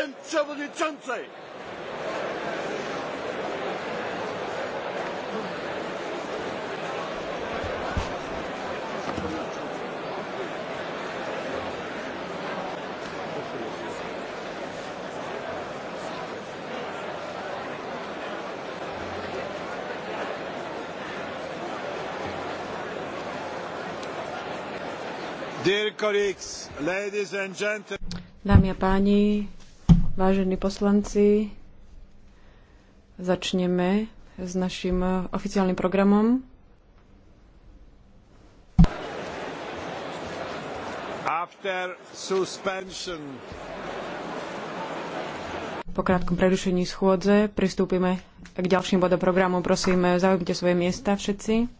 Pan Przewodniczący! Dámy a páni, Vážení poslanci, začneme s našim eh, oficiálnym programom. After suspension. Po krátkom prerušení schôdze pristúpime k ďalším bodom programu. Prosím, eh, zaujímte svoje miesta všetci.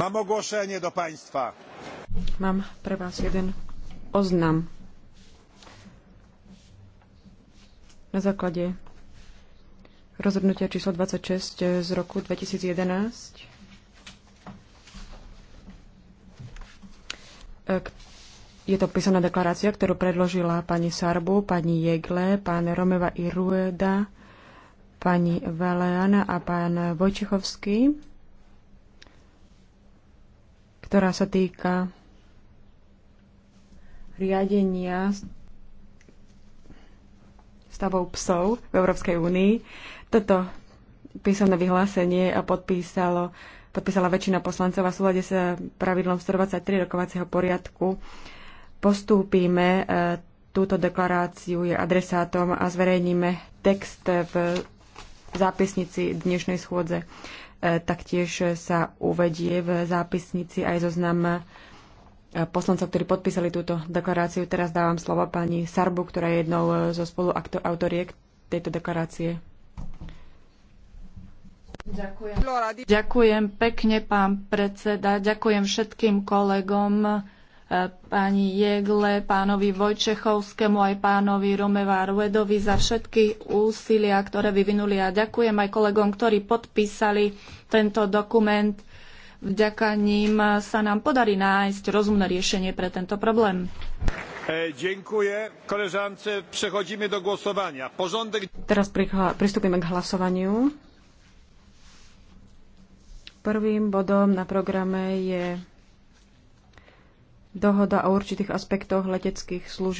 Mám ogłoszenie do państwa. Mám pre vás jeden oznam. Na základe rozhodnutia číslo 26 z roku 2011, e, je to písaná deklarácia, ktorú predložila pani Sarbu, pani Jegle, pán Romeva Irueda, pani Valeana a pán Vojčichovský ktorá sa týka riadenia stavov psov v Európskej únii. Toto písomné vyhlásenie a podpísalo, podpísala väčšina poslancov a v súlade s eh, pravidlom 123 rokovacieho poriadku postúpime eh, túto deklaráciu je adresátom a zverejníme text v zápisnici dnešnej schôdze. E, taktiež sa uvedie v zápisnici aj zoznam e, poslancov, ktorí podpísali túto deklaráciu. Teraz dávam slovo pani Sarbu, ktorá je jednou e, zo spoluautoriek tejto deklarácie. Ďakujem. Ďakujem pekne, pán predseda. Ďakujem všetkým kolegom, pani Jegle, pánovi Vojčechovskému aj pánovi Romeva Ruedovi za všetky úsilia, ktoré vyvinuli a ďakujem aj kolegom, ktorí podpísali tento dokument. Vďaka ním sa nám podarí nájsť rozumné riešenie pre tento problém. E, Teraz pristúpime k hlasovaniu. Prvým bodom na programe je dohoda o určitých aspektoch leteckých služieb